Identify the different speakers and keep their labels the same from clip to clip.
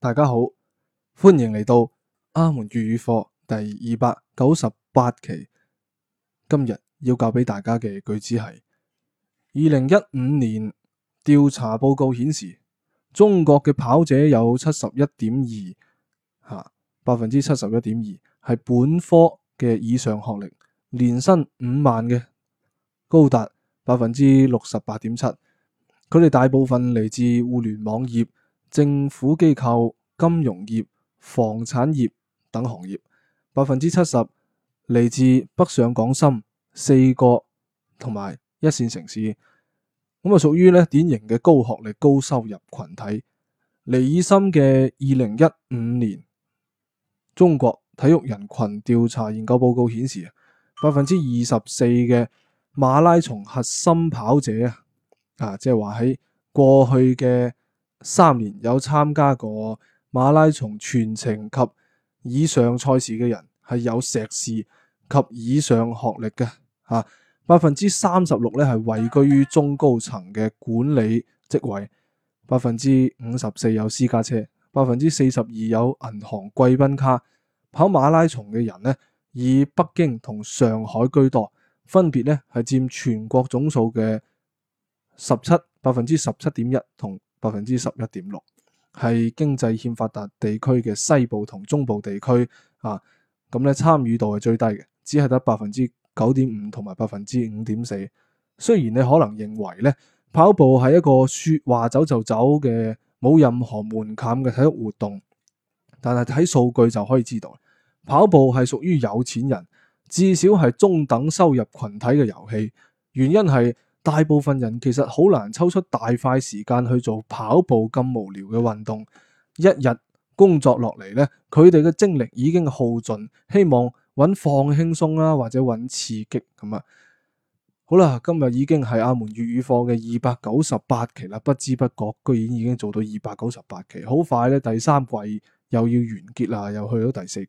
Speaker 1: 大家好，歡迎嚟到阿門粵語課第二百九十八期。今日要教俾大家嘅句子係：二零一五年調查報告顯示，中國嘅跑者有七十一點二吓，百分之七十一點二係本科嘅以上學歷，年薪五萬嘅高達百分之六十八點七。佢哋大部分嚟自互聯網業。政府機構、金融業、房產業等行業，百分之七十嚟自北上廣深四個同埋一線城市，咁啊屬於咧典型嘅高學歷、高收入群體。尼爾森嘅二零一五年中國體育人群調查研究報告顯示，啊，百分之二十四嘅馬拉松核心跑者啊，啊，即係話喺過去嘅。三年有參加過馬拉松全程及以上賽事嘅人，係有碩士及以上學歷嘅。吓、啊，百分之三十六呢係位居於中高層嘅管理職位，百分之五十四有私家車，百分之四十二有銀行貴賓卡。跑馬拉松嘅人呢，以北京同上海居多，分別呢係占全國總數嘅十七百分之十七點一同。百分之十一點六係經濟欠發達地區嘅西部同中部地區啊，咁咧參與度係最低嘅，只係得百分之九點五同埋百分之五點四。雖然你可能認為咧跑步係一個說話走就走嘅冇任何門檻嘅體育活動，但係睇數據就可以知道，跑步係屬於有錢人，至少係中等收入群體嘅遊戲。原因係。大部分人其實好難抽出大塊時間去做跑步咁無聊嘅運動，一日工作落嚟呢，佢哋嘅精力已經耗盡，希望揾放輕鬆啦、啊，或者揾刺激咁啊。好啦，今日已經係阿門粵語課嘅二百九十八期啦，不知不覺居然已經做到二百九十八期，好快咧！第三季又要完結啦，又去到第四季，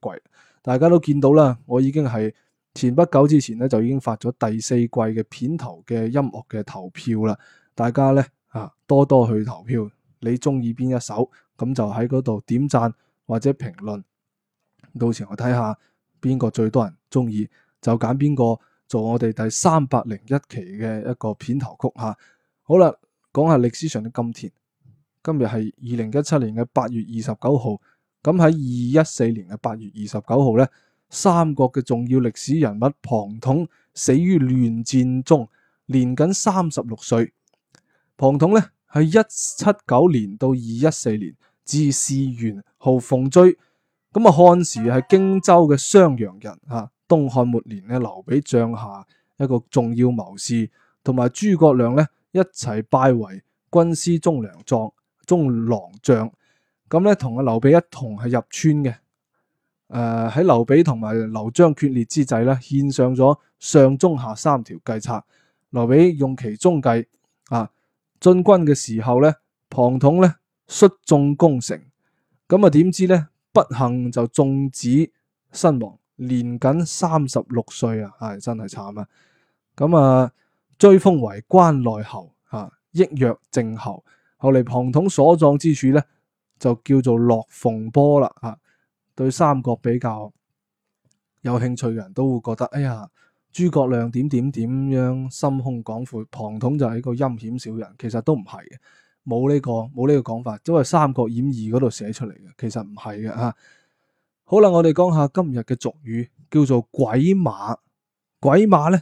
Speaker 1: 大家都見到啦，我已經係。前不久之前咧，就已經發咗第四季嘅片頭嘅音樂嘅投票啦。大家咧啊，多多去投票，你中意邊一首咁就喺嗰度點贊或者評論。到時我睇下邊個最多人中意，就揀邊個做我哋第三百零一期嘅一個片頭曲吓、啊。好啦，講下歷史上嘅今天。今日係二零一七年嘅八月二十九號。咁喺二一四年嘅八月二十九號咧。三國嘅重要歷史人物龐統死於亂戰中，年僅三十六歲。龐統呢係一七九年到二一四年，字士元鳳雛，號鳳雛。咁啊，漢時係荊州嘅襄陽人。吓，東漢末年嘅劉備帳下一個重要謀士，同埋諸葛亮呢一齊拜為軍師中良壯、中郎將。咁咧，同阿劉備一同係入川嘅。誒喺、呃、劉備同埋劉璋決裂之際咧，獻上咗上中下三條計策。劉備用其中計啊進軍嘅時候咧，龐統咧率眾攻城，咁啊點知咧不幸就中箭身亡，年僅三十六歲啊！啊，真係慘啊！咁啊追封為關內侯啊，謚曰靖侯。後嚟龐統所葬之處咧，就叫做落鳳坡啦啊！對三國比較有興趣嘅人都會覺得，哎呀，諸葛亮點點點樣心胸廣闊，龐統就係一個陰險小人，其實都唔係嘅，冇呢個冇呢個講法，都係三國演義嗰度寫出嚟嘅，其實唔係嘅吓。好啦，我哋講下今日嘅俗語，叫做鬼馬。鬼馬呢，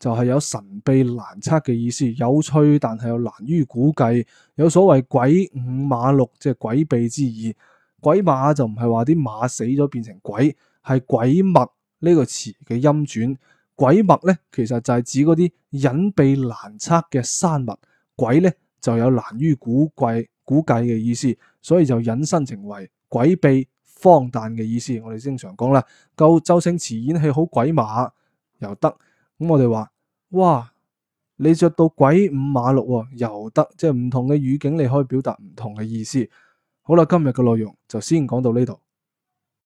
Speaker 1: 就係、是、有神秘難測嘅意思，有趣但係又難於估計，有所謂鬼五馬六，即係詭秘之意。鬼馬就唔係話啲馬死咗變成鬼，係鬼脈呢個詞嘅音轉。鬼脈咧，其實就係指嗰啲隱蔽難測嘅山脈。鬼咧就有難於估計、估計嘅意思，所以就引申成為鬼秘荒誕嘅意思。我哋經常講啦，夠周星馳演戲好鬼馬又得，咁我哋話哇，你着到鬼五馬六又、哦、得，即係唔同嘅語境你可以表達唔同嘅意思。好啦，今日嘅內容就先講到呢度。